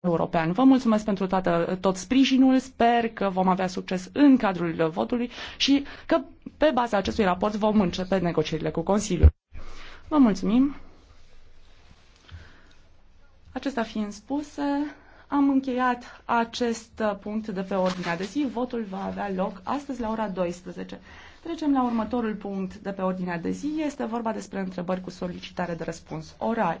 european. Vă mulțumesc pentru toată, tot sprijinul, sper că vom avea succes în cadrul votului și că pe baza acestui raport vom începe negocierile cu Consiliul. Vă mulțumim. Acesta fiind spuse, am încheiat acest punct de pe ordinea de zi. Votul va avea loc astăzi la ora 12. Trecem la următorul punct de pe ordinea de zi. Este vorba despre întrebări cu solicitare de răspuns oral.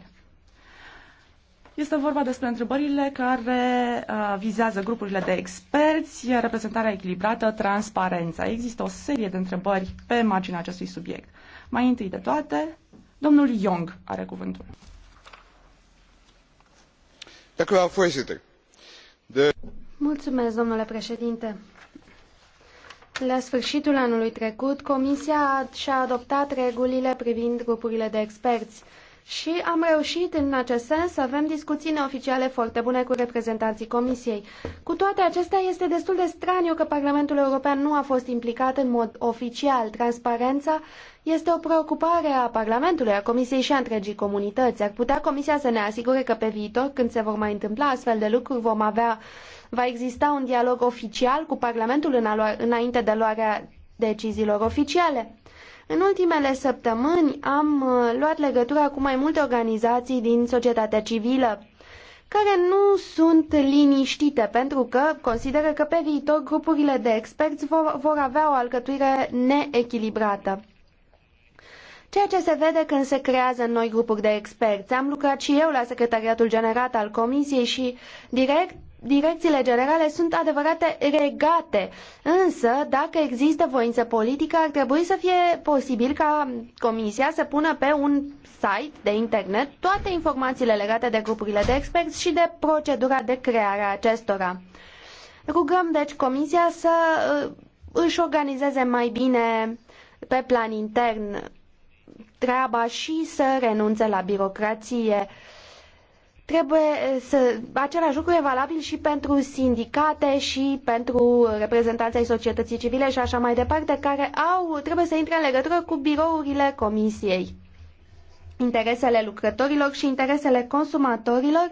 Este vorba despre întrebările care uh, vizează grupurile de experți, reprezentarea echilibrată, transparența. Există o serie de întrebări pe marginea acestui subiect. Mai întâi de toate, domnul Young are cuvântul. Mulțumesc, domnule președinte. La sfârșitul anului trecut, Comisia și-a adoptat regulile privind grupurile de experți și am reușit în acest sens să avem discuții neoficiale foarte bune cu reprezentanții Comisiei. Cu toate acestea, este destul de straniu că Parlamentul European nu a fost implicat în mod oficial. Transparența este o preocupare a Parlamentului, a Comisiei și a întregii comunități. Ar putea Comisia să ne asigure că pe viitor, când se vor mai întâmpla astfel de lucruri, vom avea, va exista un dialog oficial cu Parlamentul în a, înainte de luarea deciziilor oficiale. În ultimele săptămâni am uh, luat legătura cu mai multe organizații din societatea civilă care nu sunt liniștite pentru că consideră că pe viitor grupurile de experți vor, vor avea o alcătuire neechilibrată. Ceea ce se vede când se creează noi grupuri de experți. Am lucrat și eu la Secretariatul Generat al Comisiei și direct direcțiile generale sunt adevărate regate, însă dacă există voință politică ar trebui să fie posibil ca Comisia să pună pe un site de internet toate informațiile legate de grupurile de experți și de procedura de creare a acestora. Rugăm deci Comisia să uh, își organizeze mai bine pe plan intern treaba și să renunțe la birocrație. Trebuie eh, să, același lucru e valabil și pentru sindicate și pentru reprezentanții societății civile și așa mai departe, care au, trebuie să intre în legătură cu birourile comisiei. Interesele lucrătorilor și interesele consumatorilor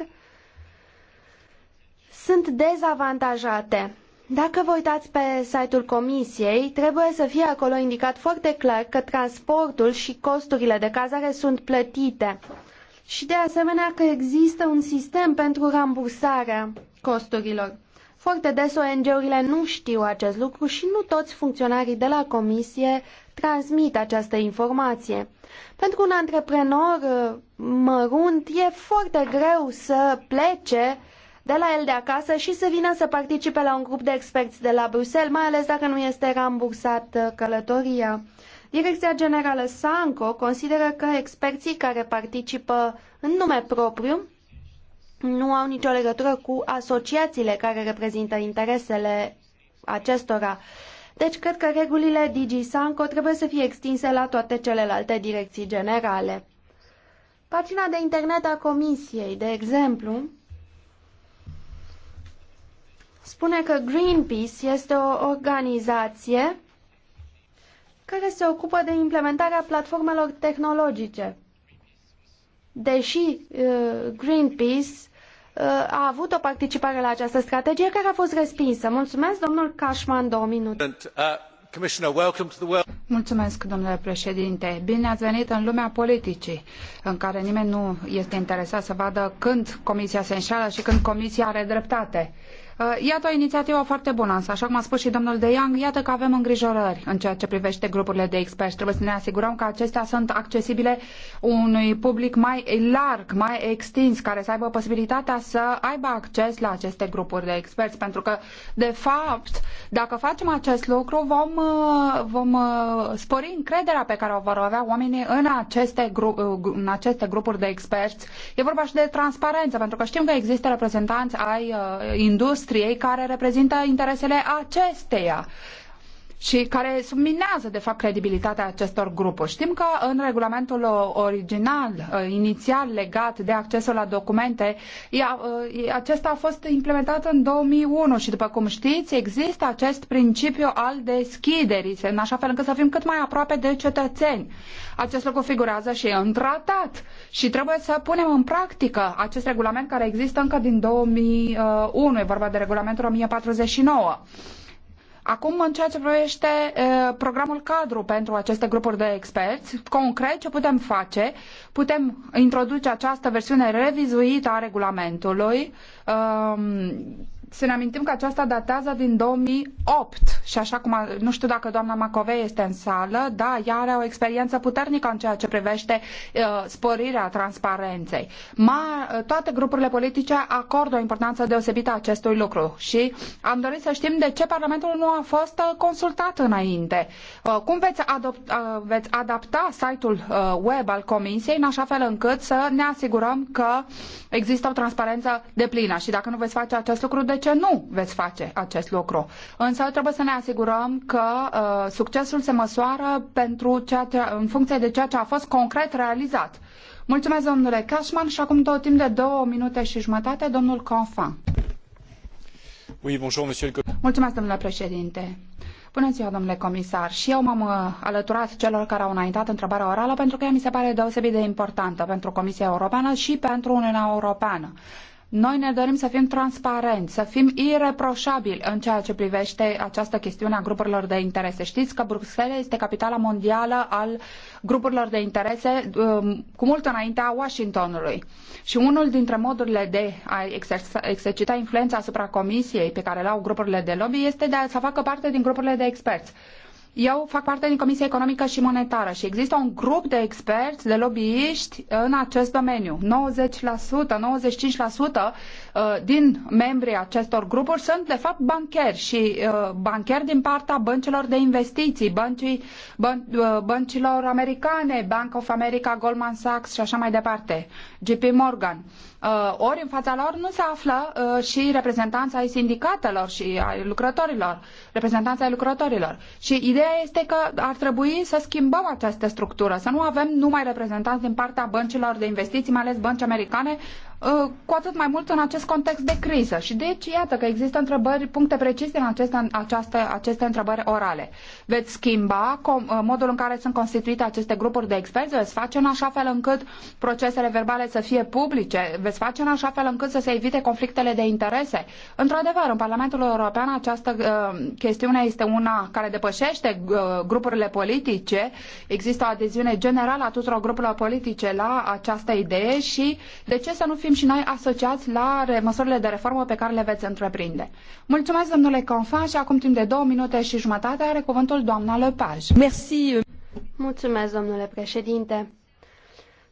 sunt dezavantajate. Dacă vă uitați pe site-ul comisiei, trebuie să fie acolo indicat foarte clar că transportul și costurile de cazare sunt plătite și de asemenea că există un sistem pentru rambursarea costurilor. Foarte des ONG-urile nu știu acest lucru și nu toți funcționarii de la comisie transmit această informație. Pentru un antreprenor uh, mărunt e foarte greu să plece de la el de acasă și să vină să participe la un grup de experți de la Bruxelles, mai ales dacă nu este rambursat uh, călătoria. Direcția Generală Sanco consideră că experții care participă în nume propriu nu au nicio legătură cu asociațiile care reprezintă interesele acestora. Deci cred că regulile DigiSanco trebuie să fie extinse la toate celelalte direcții generale. Pagina de internet a Comisiei, de exemplu, spune că Greenpeace este o organizație care se ocupă de implementarea platformelor tehnologice. Deși uh, Greenpeace uh, a avut o participare la această strategie care a fost respinsă. Mulțumesc, domnul Cashman, două minute. Uh, Mulțumesc, domnule președinte. Bine ați venit în lumea politicii, în care nimeni nu este interesat să vadă când Comisia se înșală și când Comisia are dreptate. Uh, Uh, iată o inițiativă foarte bună, însă, așa cum a spus și domnul De Young, iată că avem îngrijorări în ceea ce privește grupurile de experți. Trebuie să ne asigurăm că acestea sunt accesibile unui public mai larg, mai extins, care să aibă posibilitatea să aibă acces la aceste grupuri de experți, pentru că, de fapt, dacă facem acest lucru, vom, uh, vom uh, spori încrederea pe care o vor avea oamenii în aceste, grup, în aceste grupuri de experți. E vorba și de transparență, pentru că știm că există reprezentanți ai industriei, industriei care reprezintă interesele acesteia și care subminează, de fapt, credibilitatea acestor grupuri. Știm că în regulamentul original, uh, inițial legat de accesul la documente, uh, acesta a fost implementat în 2001 și, după cum știți, există acest principiu al deschiderii, în așa fel încât să fim cât mai aproape de cetățeni. Acest lucru figurează și în tratat și trebuie să punem în practică acest regulament care există încă din 2001, uh, e vorba de regulamentul 1049. Acum, în ceea ce privește programul cadru pentru aceste grupuri de experți, concret ce putem face? Putem introduce această versiune revizuită a regulamentului. Uh, să ne amintim că aceasta datează din 2008 și așa cum, nu știu dacă doamna Macovei este în sală, da, ea are o experiență puternică în ceea ce privește uh, sporirea transparenței. Ma, toate grupurile politice acordă o importanță deosebită acestui lucru și am dorit să știm de ce Parlamentul nu a fost uh, consultat înainte. Uh, cum veți, adopt, uh, veți adapta site-ul uh, web al Comisiei în așa fel încât să ne asigurăm că există o transparență deplină și dacă nu veți face acest lucru, de ce nu veți face acest lucru. Însă trebuie să ne asigurăm că uh, succesul se măsoară pentru ceea ce, în funcție de ceea ce a fost concret realizat. Mulțumesc, domnule Cashman, și acum tot timp de două minute și jumătate, domnul Confan. Oui, bonjour, monsieur le... Mulțumesc, domnule președinte. Bună ziua, domnule comisar. Și eu m-am uh, alăturat celor care au înaintat întrebarea orală pentru că ea mi se pare deosebit de importantă pentru Comisia Europeană și pentru Uniunea Europeană. Noi ne dorim să fim transparenți, să fim ireproșabili în ceea ce privește această chestiune a grupurilor de interese. Știți că Bruxelles este capitala mondială al grupurilor de interese um, cu mult înaintea Washingtonului. Și unul dintre modurile de a exercita influența asupra comisiei pe care le au grupurile de lobby este de a să facă parte din grupurile de experți. Eu fac parte din Comisia Economică și Monetară și există un grup de experți, de lobbyiști în acest domeniu. 90%, 95% uh, din membrii acestor grupuri sunt de fapt bancheri și uh, bancheri din partea băncilor de investiții, băncii, băn, uh, băncilor americane, Bank of America, Goldman Sachs și așa mai departe, JP Morgan. Uh, ori în fața lor nu se află uh, și reprezentanța ai sindicatelor și ai lucrătorilor, reprezentanța ai lucrătorilor. Și ideea este că ar trebui să schimbăm această structură, să nu avem numai reprezentanți din partea băncilor de investiții, mai ales bănci americane, Uh, cu atât mai mult în acest context de criză. Și deci, iată că există întrebări, puncte precise în aceste, această, aceste întrebări orale. Veți schimba com, uh, modul în care sunt constituite aceste grupuri de experți? Veți face în așa fel încât procesele verbale să fie publice? Veți face în așa fel încât să se evite conflictele de interese? Într-adevăr, în Parlamentul European această uh, chestiune este una care depășește uh, grupurile politice. Există o adeziune generală a tuturor grupurilor politice la această idee și de ce să nu fie fim și noi asociați la măsurile de reformă pe care le veți întreprinde. Mulțumesc, domnule Confan, și acum timp de două minute și jumătate are cuvântul doamna Lepaj. Merci. Mulțumesc, domnule președinte.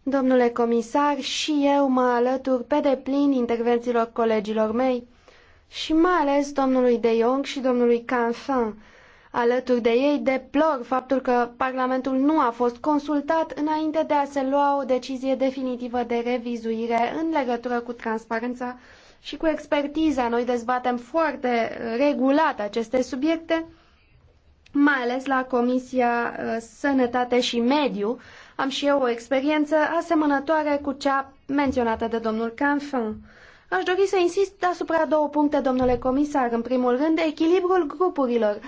Domnule comisar, și eu mă alătur pe deplin intervențiilor colegilor mei și mai ales domnului De Jong și domnului Canfin, alături de ei, deplor faptul că Parlamentul nu a fost consultat înainte de a se lua o decizie definitivă de revizuire în legătură cu transparența și cu expertiza. Noi dezbatem foarte regulat aceste subiecte, mai ales la Comisia uh, Sănătate și Mediu. Am și eu o experiență asemănătoare cu cea menționată de domnul Canfin. Aș dori să insist asupra două puncte, domnule comisar. În primul rând, echilibrul grupurilor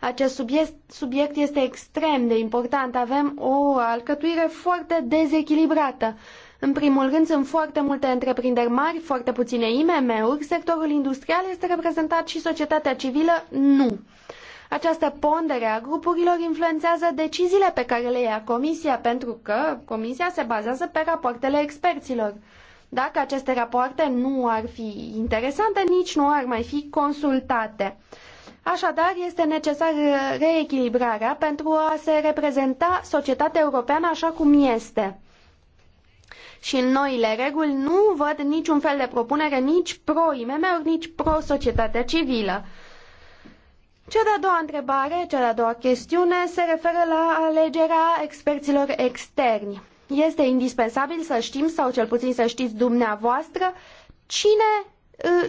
acest subiect, subiect este extrem de important. Avem o alcătuire foarte dezechilibrată. În primul rând, sunt foarte multe întreprinderi mari, foarte puține IMM-uri, sectorul industrial este reprezentat și societatea civilă nu. Această pondere a grupurilor influențează deciziile pe care le ia Comisia, pentru că Comisia se bazează pe rapoartele experților. Dacă aceste rapoarte nu ar fi interesante, nici nu ar mai fi consultate. Așadar, este necesar uh, reechilibrarea pentru a se reprezenta societatea europeană așa cum este. Și în noile reguli nu văd niciun fel de propunere nici pro-IMM-uri, nici pro-societatea civilă. Cea de-a doua întrebare, cea de-a doua chestiune, se referă la alegerea experților externi. Este indispensabil să știm, sau cel puțin să știți dumneavoastră, cine Uh,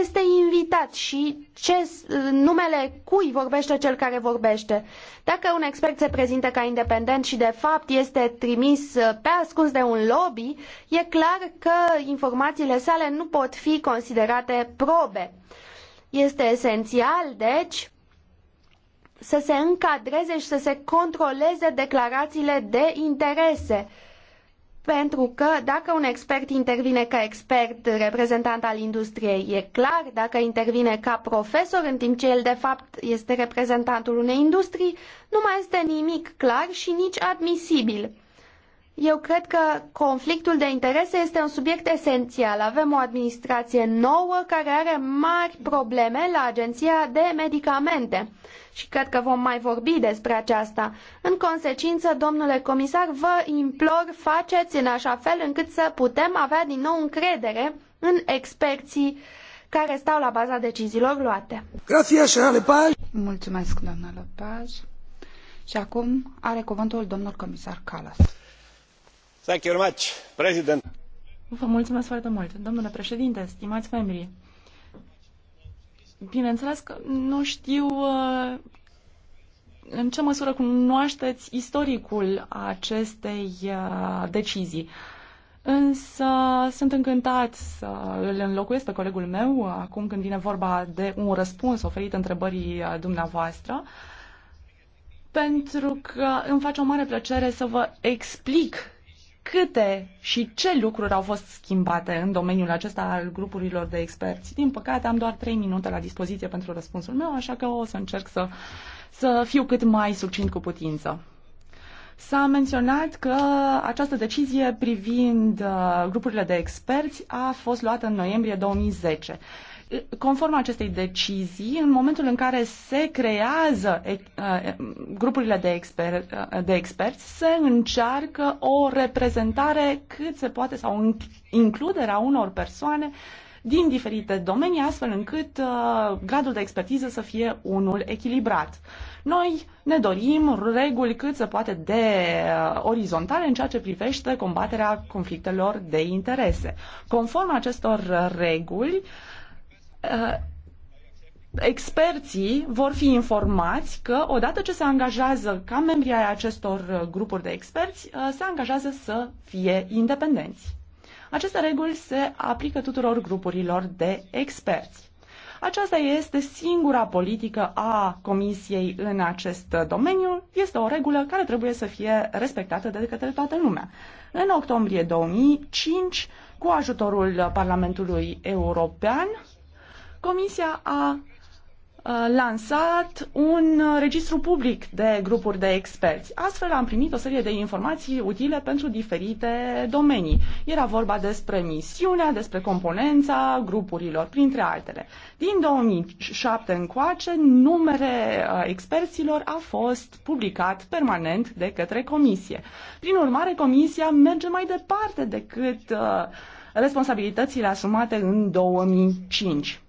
este invitat și ce uh, numele cui vorbește cel care vorbește. Dacă un expert se prezintă ca independent și de fapt este trimis uh, pe ascuns de un lobby, e clar că informațiile sale nu pot fi considerate probe. Este esențial, deci, să se încadreze și să se controleze declarațiile de interese pentru că dacă un expert intervine ca expert reprezentant al industriei, e clar, dacă intervine ca profesor, în timp ce el de fapt este reprezentantul unei industrii, nu mai este nimic clar și nici admisibil. Eu cred că conflictul de interese este un subiect esențial. Avem o administrație nouă care are mari probleme la Agenția de Medicamente și cred că vom mai vorbi despre aceasta. În consecință, domnule comisar, vă implor, faceți în așa fel încât să putem avea din nou încredere în experții care stau la baza deciziilor luate. Mulțumesc, doamna Lepaj. Și acum are cuvântul domnul comisar Kallas. Thank you very much, President. Vă mulțumesc foarte mult, domnule președinte, stimați membri. Bineînțeles că nu știu uh, în ce măsură cunoașteți istoricul acestei uh, decizii. Însă sunt încântat să îl înlocuiesc pe colegul meu uh, acum când vine vorba de un răspuns oferit întrebării dumneavoastră, pentru că îmi face o mare plăcere să vă explic câte și ce lucruri au fost schimbate în domeniul acesta al grupurilor de experți. Din păcate, am doar trei minute la dispoziție pentru răspunsul meu, așa că o să încerc să, să fiu cât mai succint cu putință. S-a menționat că această decizie privind uh, grupurile de experți a fost luată în noiembrie 2010. Conform acestei decizii, în momentul în care se creează eh, eh, grupurile de, exper, eh, de experți, se încearcă o reprezentare cât se poate sau includerea unor persoane din diferite domenii, astfel încât gradul de expertiză să fie unul echilibrat. Noi ne dorim reguli cât se poate de orizontale în ceea ce privește combaterea conflictelor de interese. Conform acestor reguli, uh, Uh, experții vor fi informați că odată ce se angajează ca membri ai acestor uh, grupuri de experți, uh, se angajează să fie independenți. Aceste reguli se aplică tuturor grupurilor de experți. Aceasta este singura politică a Comisiei în acest domeniu. Este o regulă care trebuie să fie respectată de către toată lumea. În octombrie 2005, cu ajutorul Parlamentului European, Comisia a lansat un registru public de grupuri de experți. Astfel am primit o serie de informații utile pentru diferite domenii. Era vorba despre misiunea, despre componența grupurilor, printre altele. Din 2007 încoace, numere experților a fost publicat permanent de către comisie. Prin urmare, comisia merge mai departe decât responsabilitățile asumate în 2005.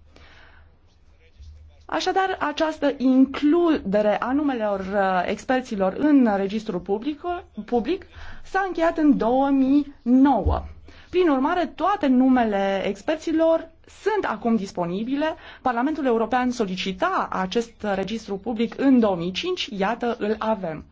Așadar, această includere a numelor uh, experților în registrul public, public s-a încheiat în 2009. Prin urmare, toate numele experților sunt acum disponibile. Parlamentul European solicita acest registru public în 2005, iată, îl avem.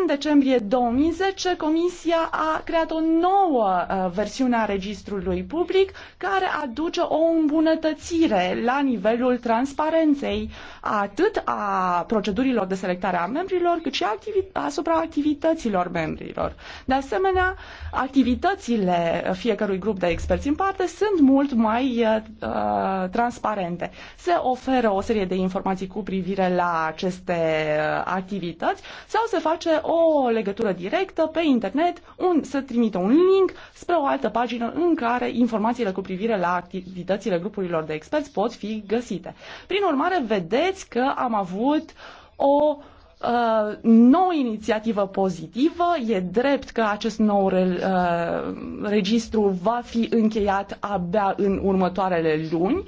În decembrie 2010, Comisia a creat o nouă uh, versiune a registrului public care aduce o îmbunătățire la nivelul transparenței atât a procedurilor de selectare a membrilor, cât și activi- asupra activităților membrilor. De asemenea, activitățile fiecărui grup de experți în parte sunt mult mai uh, uh transparente. Se oferă o serie de informații cu privire la aceste uh, activități sau se face fie o legătură directă pe internet, un, să trimită un link spre o altă pagină în care informațiile cu privire la activitățile grupurilor de experți pot fi găsite. Prin urmare, vedeți că am avut o Uh, nouă inițiativă pozitivă. E drept că acest nou re, uh, registru va fi încheiat abia în următoarele luni.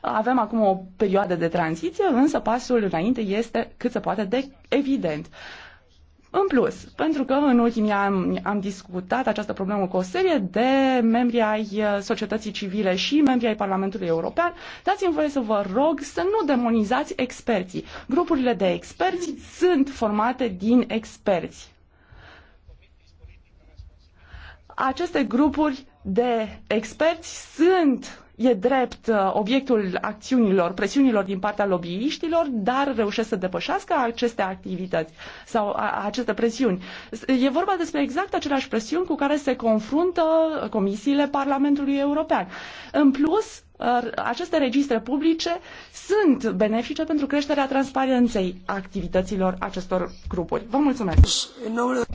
Avem acum o perioadă de tranziție, însă pasul înainte este cât se poate de evident. În plus, pentru că în ultimii ani am discutat această problemă cu o serie de membri ai uh, societății civile și membri ai Parlamentului European, dați-mi voie să vă rog să nu demonizați experții. Grupurile de experți sunt formate din experți. Aceste grupuri de experți sunt e drept uh, obiectul acțiunilor, presiunilor din partea lobbyiștilor, dar reușesc să depășească aceste activități sau a, aceste presiuni. E vorba despre exact aceleași presiuni cu care se confruntă comisiile Parlamentului European. În plus, aceste registre publice sunt benefice pentru creșterea transparenței activităților acestor grupuri. Vă mulțumesc!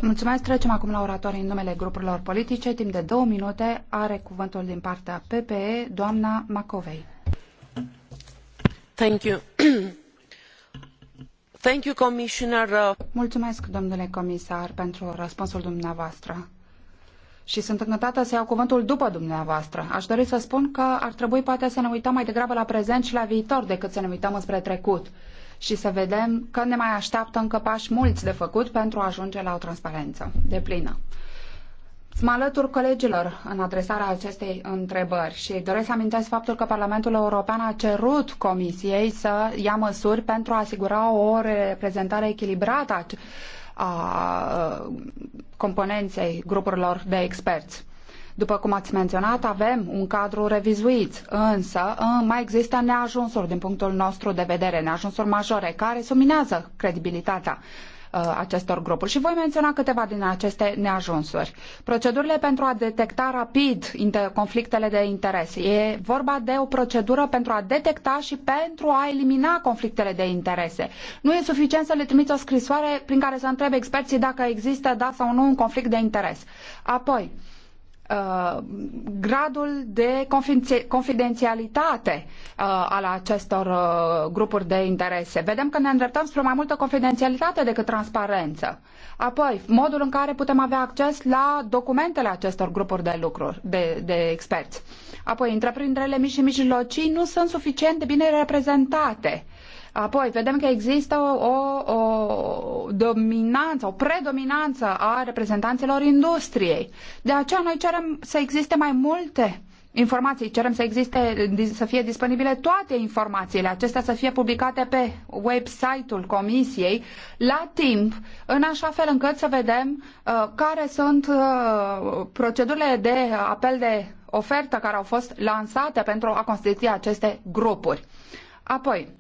Mulțumesc! Trecem acum la oratorii în numele grupurilor politice. Timp de două minute are cuvântul din partea PPE, doamna Macovei. Thank you. Thank you, Commissioner. Mulțumesc, domnule comisar, pentru răspunsul dumneavoastră și sunt încântată să iau cuvântul după dumneavoastră. Aș dori să spun că ar trebui poate să ne uităm mai degrabă la prezent și la viitor decât să ne uităm spre trecut și să vedem că ne mai așteaptă încă pași mulți de făcut pentru a ajunge la o transparență deplină. Mă alătur colegilor în adresarea acestei întrebări și doresc să amintesc faptul că Parlamentul European a cerut Comisiei să ia măsuri pentru a asigura o reprezentare echilibrată a componenței grupurilor de experți. După cum ați menționat, avem un cadru revizuit, însă ă, mai există neajunsuri din punctul nostru de vedere, neajunsuri majore, care suminează credibilitatea Uh, acestor grupuri și voi menționa câteva din aceste neajunsuri. Procedurile pentru a detecta rapid conflictele de interes. E vorba de o procedură pentru a detecta și pentru a elimina conflictele de interese. Nu e suficient să le trimiți o scrisoare prin care să întrebe experții dacă există, da sau nu, un conflict de interes. Apoi, uh, Uh, gradul de confidențialitate uh, al acestor uh, grupuri de interese. Vedem că ne îndreptăm spre mai multă confidențialitate decât transparență. Apoi, modul în care putem avea acces la documentele acestor grupuri de lucruri, de, de experți. Apoi, întreprinderile mici și mijlocii nu sunt suficient de bine reprezentate Apoi, vedem că există o, o, o dominanță, o predominanță a reprezentanților industriei. De aceea noi cerem să existe mai multe informații, cerem să existe, să fie disponibile toate informațiile, acestea să fie publicate pe website-ul Comisiei la timp, în așa fel încât să vedem uh, care sunt uh, procedurile de apel de ofertă care au fost lansate pentru a constitui aceste grupuri. Apoi,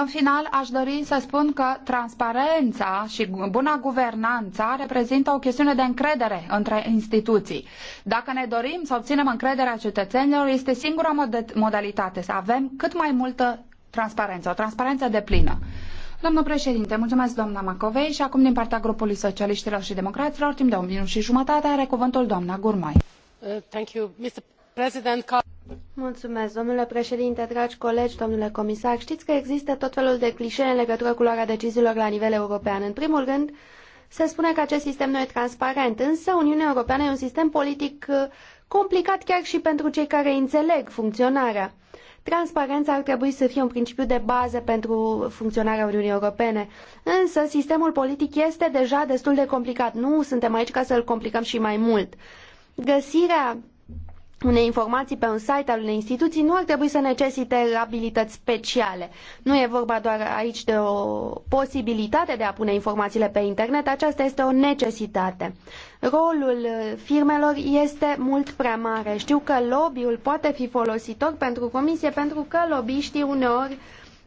în final, aș dori să spun că transparența și buna guvernanța reprezintă o chestiune de încredere între instituții. Dacă ne dorim să obținem încrederea cetățenilor, este singura mod modalitate să avem cât mai multă transparență, o transparență de plină. Doamnă președinte, mulțumesc doamna Macovei și acum din partea grupului socialiștilor și democraților, timp de un minut și jumătate, are cuvântul doamna Gurmai. Uh, Mulțumesc, domnule președinte, dragi colegi, domnule comisar. Știți că există tot felul de clișee în legătură cu luarea deciziilor la nivel european. În primul rând, se spune că acest sistem nu e transparent, însă Uniunea Europeană e un sistem politic uh, complicat chiar și pentru cei care înțeleg funcționarea. Transparența ar trebui să fie un principiu de bază pentru funcționarea Uniunii Europene. Însă, sistemul politic este deja destul de complicat. Nu suntem aici ca să-l complicăm și mai mult. Găsirea unei informații pe un site al unei instituții nu ar trebui să necesite abilități speciale. Nu e vorba doar aici de o posibilitate de a pune informațiile pe internet, aceasta este o necesitate. Rolul uh, firmelor este mult prea mare. Știu că lobby-ul poate fi folositor pentru comisie pentru că lobbyiștii uneori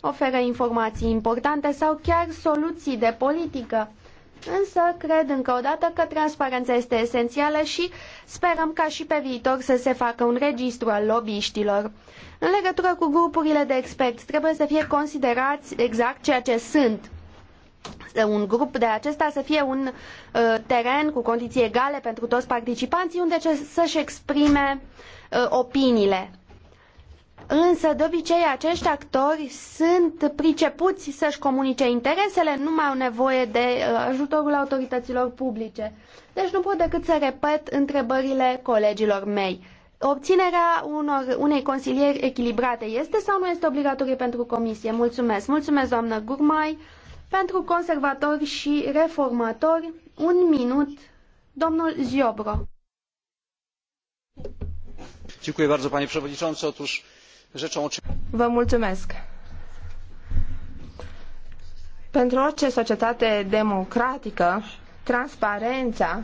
oferă informații importante sau chiar soluții de politică Însă cred încă o dată că transparența este esențială și sperăm ca și pe viitor să se facă un registru al lobbyiștilor. În legătură cu grupurile de experți, trebuie să fie considerați exact ceea ce sunt. Un grup de acesta să fie un uh, teren cu condiții egale pentru toți participanții unde să-și exprime uh, opiniile. Însă, de obicei, acești actori sunt pricepuți să-și comunice interesele, nu mai au nevoie de uh, ajutorul autorităților publice. Deci nu pot decât să repet întrebările colegilor mei. Obținerea unor, unei consilieri echilibrate este sau nu este obligatorie pentru comisie? Mulțumesc! Mulțumesc, doamnă Gurmai! Pentru conservatori și reformatori, un minut, domnul Ziobro. Dziękuję bardzo, panie przewodniczący. Otóż rzeczą oczywistą. mulțumesc. Pentru orice societate democratică, transparența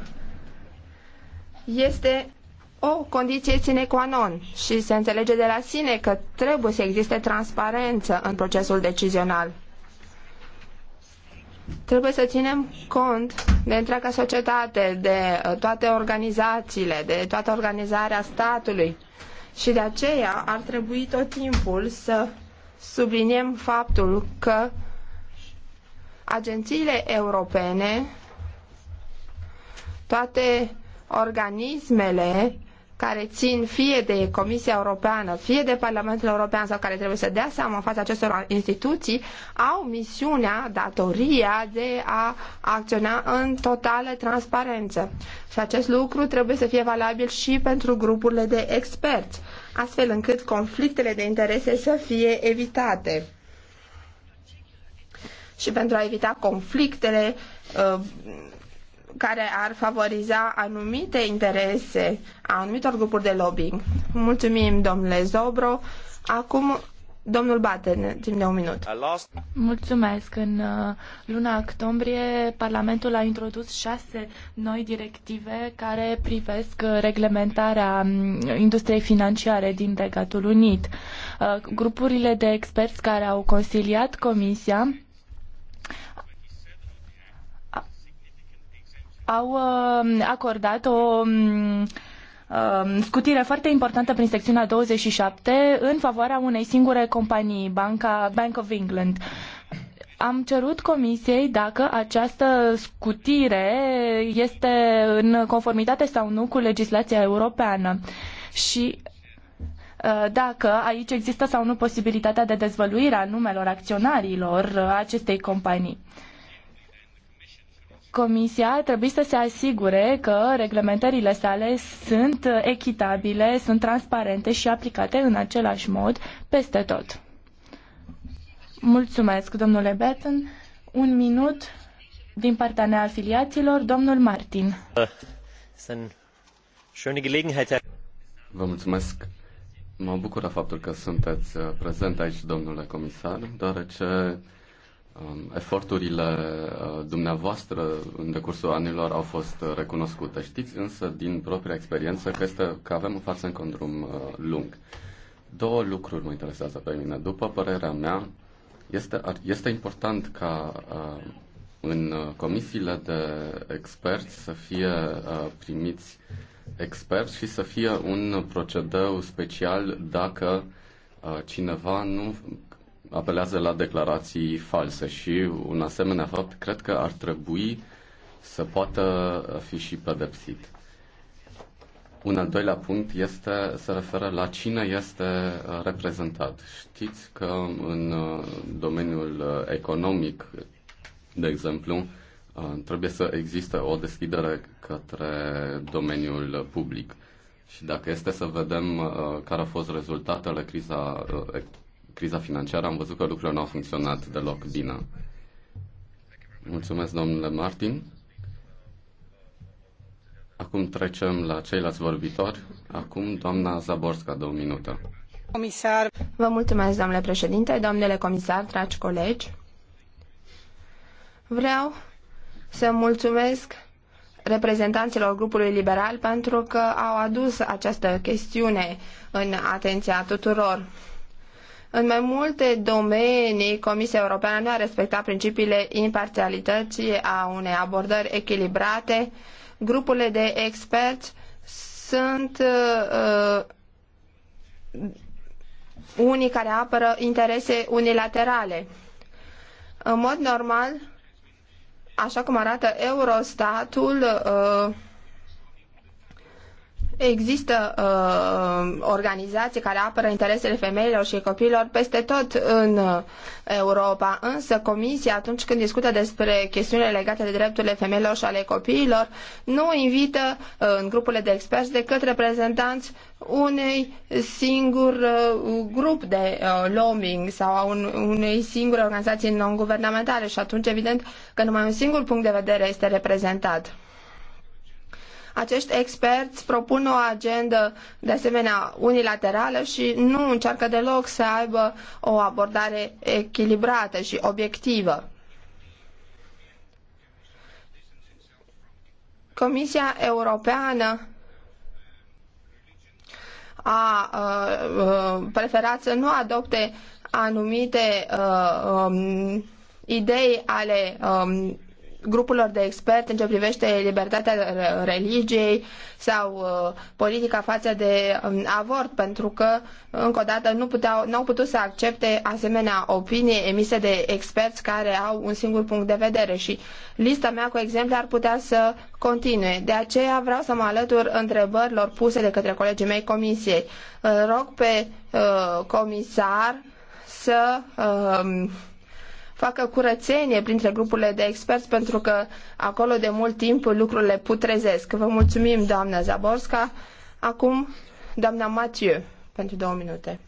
este o condiție sine qua non și se înțelege de la sine că trebuie să existe transparență în procesul decizional. Trebuie să ținem cont de întreaga societate, de uh, toate organizațiile, de toată organizarea statului și de aceea ar trebui tot timpul să subliniem faptul că agențiile europene, toate organismele care țin fie de Comisia Europeană, fie de Parlamentul European sau care trebuie să dea seama în fața acestor instituții, au misiunea, datoria de a acționa în totală transparență. Și acest lucru trebuie să fie valabil și pentru grupurile de experți, astfel încât conflictele de interese să fie evitate. Și pentru a evita conflictele, uh, care ar favoriza anumite interese a anumitor grupuri de lobbying. Mulțumim, domnule Zobro. Acum, domnul Baten, timp de un minut. Mulțumesc. În uh, luna octombrie, Parlamentul a introdus șase noi directive care privesc uh, reglementarea um, industriei financiare din Regatul Unit. Uh, grupurile de experți care au consiliat Comisia au uh, acordat o um, um, scutire foarte importantă prin secțiunea 27 în favoarea unei singure companii, Banca, Bank of England. Am cerut comisiei dacă această scutire este în conformitate sau nu cu legislația europeană și uh, dacă aici există sau nu posibilitatea de dezvăluire a numelor acționarilor uh, acestei companii. Comisia ar trebui să se asigure că reglementările sale sunt echitabile, sunt transparente și aplicate în același mod peste tot. Mulțumesc, domnule Betten. Un minut din partea neafiliaților, domnul Martin. Vă mulțumesc. Mă bucură faptul că sunteți prezent aici, domnule comisar, deoarece Um, eforturile uh, dumneavoastră în decursul anilor au fost uh, recunoscute. Știți însă din propria experiență că, este, că avem în față încă un drum uh, lung. Două lucruri mă interesează pe mine. După părerea mea, este, este important ca în comisiile de experți să fie primiți experți și să fie un procedeu special dacă cineva nu apelează la declarații false și un asemenea fapt cred că ar trebui să poată fi și pedepsit. Un al doilea punct este, se referă la cine este uh, reprezentat. Știți că în uh, domeniul uh, economic, de exemplu, trebuie să existe o deschidere către domeniul public. Și dacă este să vedem care au fost rezultatele criza, criza financiară am văzut că lucrurile nu au funcționat deloc bine. Mulțumesc, domnule Martin. Acum trecem la ceilalți vorbitori. Acum, doamna Zaborska, două minute. Comisar. Vă mulțumesc, domnule președinte, domnule comisar, dragi colegi. Vreau să mulțumesc reprezentanților grupului liberal pentru că au adus această chestiune în atenția tuturor. În mai multe domenii, Comisia Europeană nu a respectat principiile imparțialității a unei abordări echilibrate. Grupurile de experți sunt uh, uh, unii care apără interese unilaterale. În mod normal, așa cum arată Eurostatul, uh, Există uh, organizații care apără interesele femeilor și copiilor peste tot în uh, Europa, însă Comisia, atunci când discută despre chestiunile legate de drepturile femeilor și ale copiilor, nu invită uh, în grupurile de experți decât reprezentanți unei singur uh, grup de uh, lobbying sau a un, unei singure organizații non-guvernamentale și atunci evident că numai un singur punct de vedere este reprezentat. Acești experți propun o agendă de asemenea unilaterală și nu încearcă deloc să aibă o abordare echilibrată și obiectivă. Comisia Europeană a, uh, uh preferat să nu adopte anumite uh, um, idei ale um, grupurilor de experți în ce privește libertatea religiei sau uh, politica față de um, avort, pentru că, încă o dată, nu, puteau, nu au putut să accepte asemenea opinie emise de experți care au un singur punct de vedere și lista mea cu exemple ar putea să continue. De aceea vreau să mă alătur întrebărilor puse de către colegii mei comisiei. Uh, rog pe uh, comisar să uh, facă curățenie printre grupurile de experți pentru că acolo de mult timp lucrurile putrezesc. Vă mulțumim, doamna Zaborska. Acum, doamna Mathieu, pentru două minute.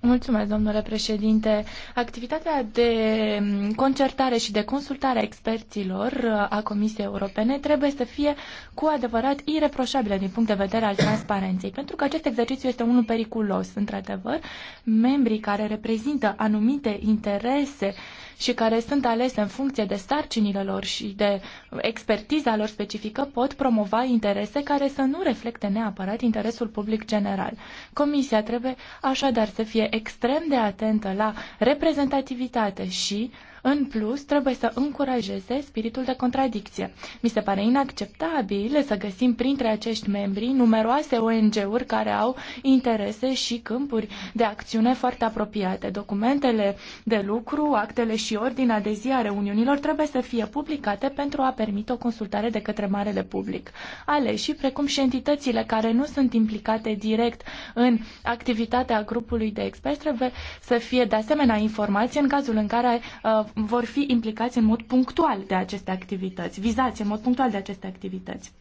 Mulțumesc, domnule președinte. Activitatea de concertare și de consultare a experților uh, a Comisiei Europene trebuie să fie cu adevărat ireproșabilă din punct de vedere al transparenței, pentru că acest exercițiu este unul periculos, într-adevăr. Membrii care reprezintă anumite interese și care sunt alese în funcție de sarcinile lor și de expertiza lor specifică pot promova interese care să nu reflecte neapărat interesul public general. Comisia trebuie așadar să fie extrem de atentă la reprezentativitate și în plus, trebuie să încurajeze spiritul de contradicție. Mi se pare inacceptabil să găsim printre acești membri numeroase ONG-uri care au interese și câmpuri de acțiune foarte apropiate. Documentele de lucru, actele și ordinea de zi a reuniunilor trebuie să fie publicate pentru a permite o consultare de către marele public. Aleșii, precum și entitățile care nu sunt implicate direct în activitatea grupului de experți, trebuie să fie de asemenea informații în cazul în care uh, vor fi implicați în mod punctual de aceste activități, vizați în mod punctual de aceste activități.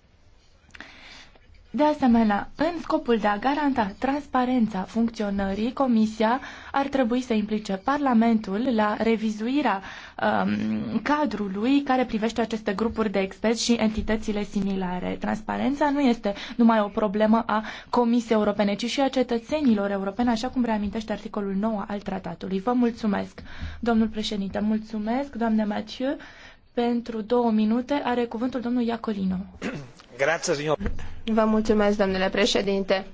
De asemenea, în scopul de a garanta transparența funcționării, Comisia ar trebui să implice Parlamentul la revizuirea um, cadrului care privește aceste grupuri de experți și entitățile similare. Transparența nu este numai o problemă a Comisiei Europene, ci și a cetățenilor europeni, așa cum reamintește articolul 9 al tratatului. Vă mulțumesc, domnul președinte, mulțumesc, doamne Mathieu. Pentru două minute are cuvântul domnul Iacolino. Grazie, signor. Vă mulțumesc, domnule președinte.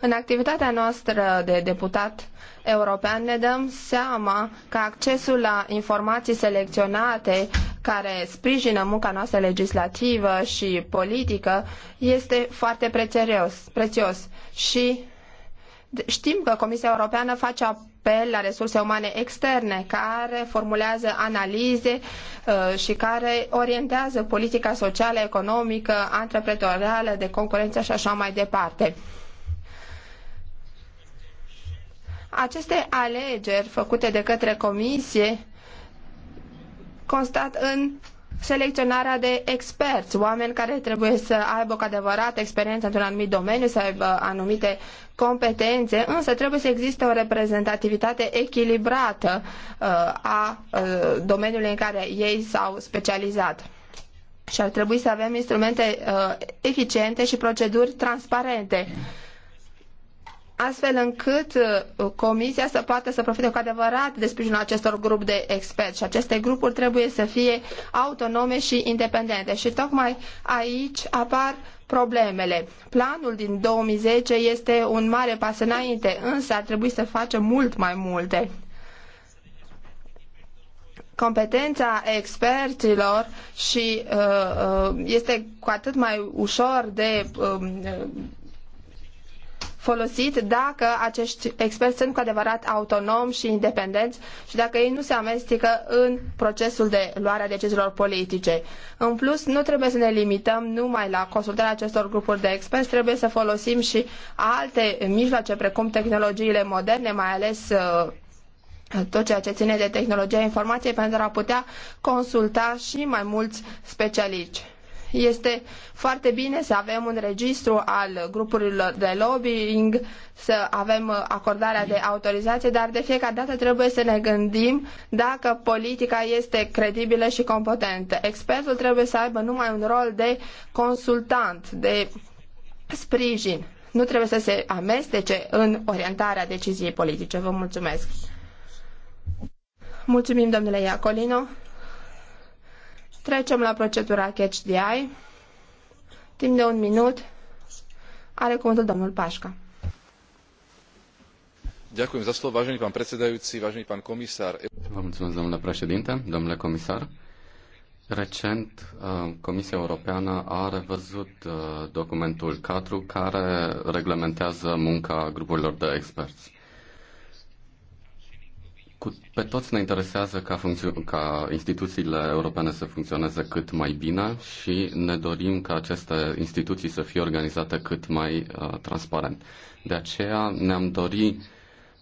În activitatea noastră de deputat european ne dăm seama că accesul la informații selecționate care sprijină munca noastră legislativă și politică este foarte prețios, prețios și Știm că Comisia Europeană face apel la resurse umane externe, care formulează analize uh, și care orientează politica socială, economică, antreprenorială, de concurență și așa mai departe. Aceste alegeri făcute de către Comisie constat în selecționarea de experți, oameni care trebuie să aibă cu adevărat experiență într-un anumit domeniu, să aibă anumite competențe, însă trebuie să existe o reprezentativitate echilibrată uh, a uh, domeniului în care ei s-au specializat. Și ar trebui să avem instrumente uh, eficiente și proceduri transparente astfel încât uh, comisia să poată să profite cu adevărat de sprijinul acestor grup de experți și aceste grupuri trebuie să fie autonome și independente și tocmai aici apar problemele. Planul din 2010 este un mare pas înainte, însă ar trebui să facem mult mai multe. Competența experților și uh, uh, este cu atât mai ușor de um, folosit dacă acești experți sunt cu adevărat autonomi și independenți și dacă ei nu se amestecă în procesul de luare a deciziilor politice. În plus, nu trebuie să ne limităm numai la consultarea acestor grupuri de experți, trebuie să folosim și alte mijloace, precum tehnologiile moderne, mai ales uh, tot ceea ce ține de tehnologia informației pentru a putea consulta și mai mulți specialiști. Este foarte bine să avem un registru al grupurilor de lobbying, să avem acordarea de autorizație, dar de fiecare dată trebuie să ne gândim dacă politica este credibilă și competentă. Expertul trebuie să aibă numai un rol de consultant, de sprijin. Nu trebuie să se amestece în orientarea deciziei politice. Vă mulțumesc! Mulțumim, domnule Iacolino. Trecem la procedura catch the eye. Timp de un minut are cuvântul domnul Pașca. Ďakujem za slovo, vážený pán predsedajúci, vážený pán komisár. Vám mulțumesc, domnule președinte, domnule comisar. Recent, uh, Comisia Europeană a revăzut uh, documentul 4 care reglementează munca grupurilor de experți. Cu, pe toți ne interesează ca, ca instituțiile europene să funcționeze cât mai bine și ne dorim ca aceste instituții să fie organizate cât mai uh, transparent. De aceea ne-am dorit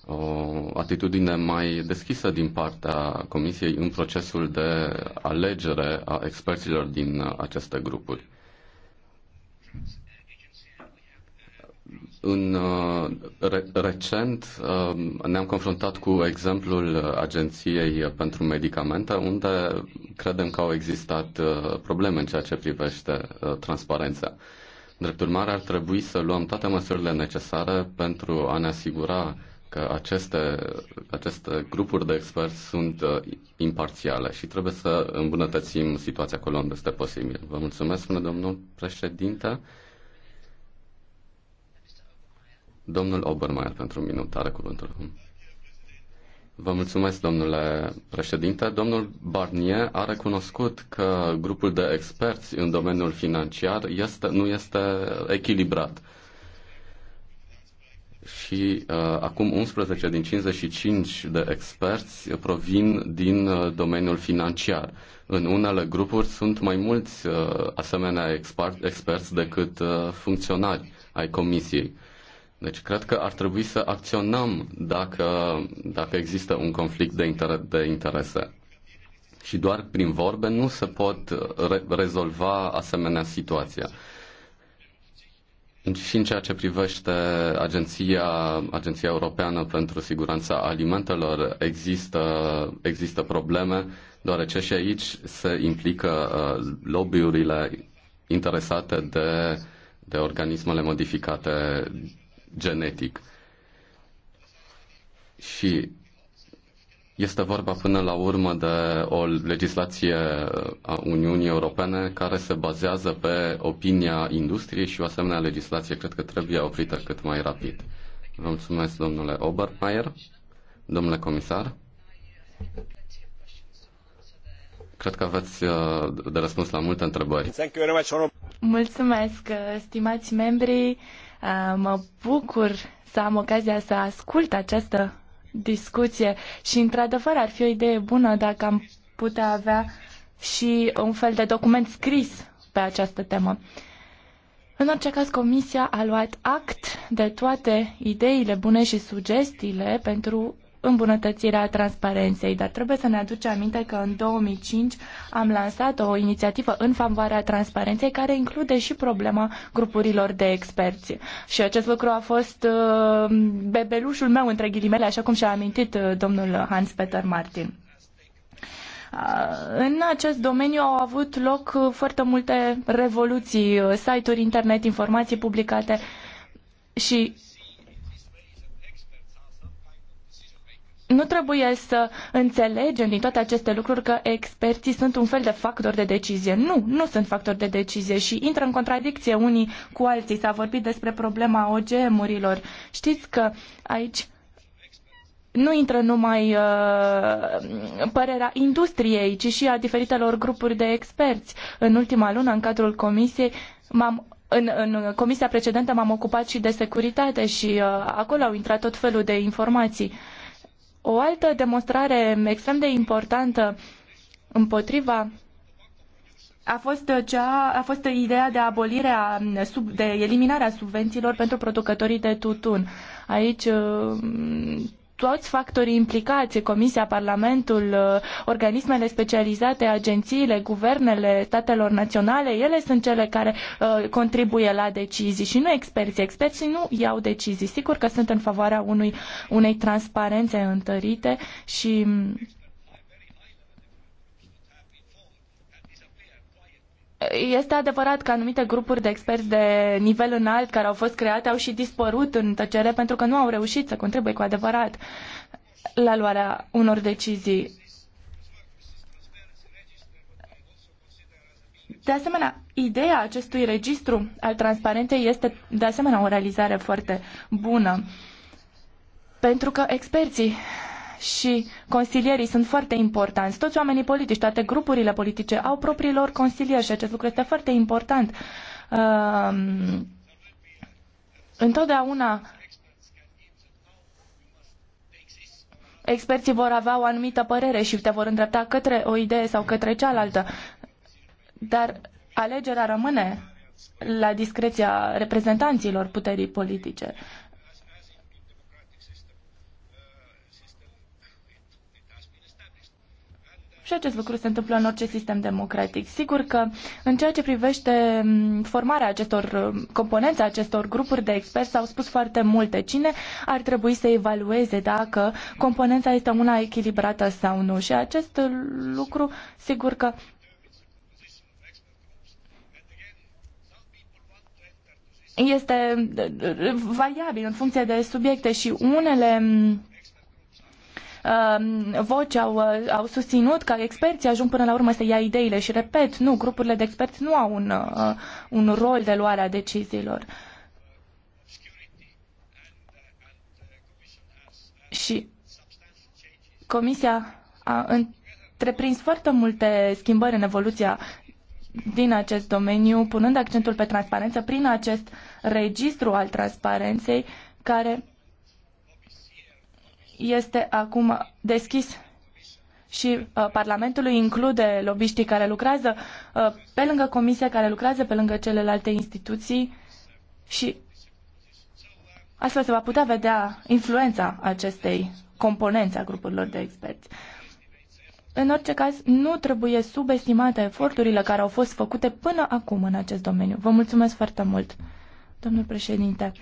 o atitudine mai deschisă din partea Comisiei în procesul de alegere a experților din uh, aceste grupuri. În uh, recent um, ne-am confruntat cu exemplul Agenției pentru Medicamente, unde credem că au existat uh, probleme în ceea ce privește uh, transparența. Drept urmare, ar trebui să luăm toate măsurile necesare pentru a ne asigura că aceste, aceste grupuri de experți sunt imparțiale și trebuie să îmbunătățim situația acolo unde este posibil. Vă mulțumesc, spune domnul președinte. Domnul Obermeier, pentru un minut, are cuvântul. Vă mulțumesc, domnule președinte. Domnul Barnier a recunoscut că grupul de experți în domeniul financiar este, nu este echilibrat. Și uh, acum 11 din 55 de experți provin din uh, domeniul financiar. În unele grupuri sunt mai mulți uh, asemenea expert, experți decât uh, funcționari ai comisiei. Uh, deci cred că ar trebui să acționăm dacă, dacă există un conflict de, inter- de interese. Și doar prin vorbe nu se pot re- rezolva asemenea situația. Și în ceea ce privește Agenția, Agenția Europeană pentru Siguranța Alimentelor, există, există probleme, deoarece și aici se implică uh, lobby-urile interesate de, de organismele modificate genetic. Și este vorba până la urmă de o legislație a Uniunii Europene care se bazează pe opinia industriei și o asemenea legislație cred că trebuie oprită cât mai rapid. Vă mulțumesc, domnule Obermeier, domnule comisar. Cred că aveți uh, de răspuns la multe întrebări. Mulțumesc, uh, stimați membri. Uh, mă bucur să am ocazia să ascult această discuție și, într-adevăr, ar fi o idee bună dacă am putea avea și un fel de document scris pe această temă. În orice caz, Comisia a luat act de toate ideile bune și sugestiile pentru îmbunătățirea transparenței, dar trebuie să ne aduce aminte că în 2005 am lansat o inițiativă în favoarea transparenței care include și problema grupurilor de experți. Și acest lucru a fost uh, bebelușul meu, între ghilimele, așa cum și-a amintit uh, domnul Hans-Peter Martin. Uh, în acest domeniu au avut loc foarte multe revoluții, site-uri internet, informații publicate și nu trebuie să înțelegem din toate aceste lucruri că experții sunt un fel de factor de decizie. Nu, nu sunt factori de decizie și intră în contradicție unii cu alții. S-a vorbit despre problema OGM-urilor. Știți că aici nu intră numai uh, părerea industriei, ci și a diferitelor grupuri de experți. În ultima lună, în cadrul comisiei, m-am în, în, comisia precedentă m-am ocupat și de securitate și uh, acolo au intrat tot felul de informații. Uh, o altă demonstrare extrem de importantă împotriva a fost, cea, a fost ideea de abolire a, sub, de eliminarea subvențiilor pentru producătorii de tutun. Aici toți factorii implicați, Comisia, Parlamentul, uh, organismele specializate, agențiile, guvernele statelor naționale, ele sunt cele care uh, contribuie la decizii și nu experții. Experții nu iau decizii. Sigur că sunt în favoarea unui, unei transparențe întărite și Este adevărat că anumite grupuri de experți de nivel înalt care au fost create au și dispărut în tăcere pentru că nu au reușit să contribuie cu adevărat la luarea unor decizii. De asemenea, ideea acestui registru al transparenței este de asemenea o realizare foarte bună, pentru că experții și consilierii sunt foarte importanți. Toți oamenii politici, toate grupurile politice au propriilor consilieri și acest lucru este foarte important. Ehm, întotdeauna experții vor avea o anumită părere și te vor îndrepta către o idee sau către cealaltă. Dar alegerea rămâne la discreția reprezentanților puterii politice. Și acest lucru se întâmplă în orice sistem democratic. Sigur că în ceea ce privește formarea acestor componențe, acestor grupuri de experți, s-au spus foarte multe. Cine ar trebui să evalueze dacă componența este una echilibrată sau nu? Și acest lucru, sigur că este variabil în funcție de subiecte și unele Um, voci au, uh, au susținut că experții ajung până la urmă să ia ideile și, repet, nu, grupurile de experți nu au un, uh, un rol de luare a deciziilor. Și Comisia a întreprins foarte multe schimbări în evoluția din acest domeniu, punând accentul pe transparență prin acest registru al transparenței care este acum deschis și uh, Parlamentului include lobiștii care lucrează uh, pe lângă comisia care lucrează pe lângă celelalte instituții și astfel se va putea vedea influența acestei componențe a grupurilor de experți. În orice caz, nu trebuie subestimate eforturile care au fost făcute până acum în acest domeniu. Vă mulțumesc foarte mult, domnul președinte.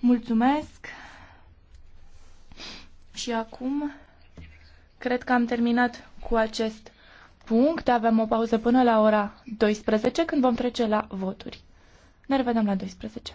Mulțumesc. Și acum cred că am terminat cu acest punct. Avem o pauză până la ora 12 când vom trece la voturi. Ne revedem la 12.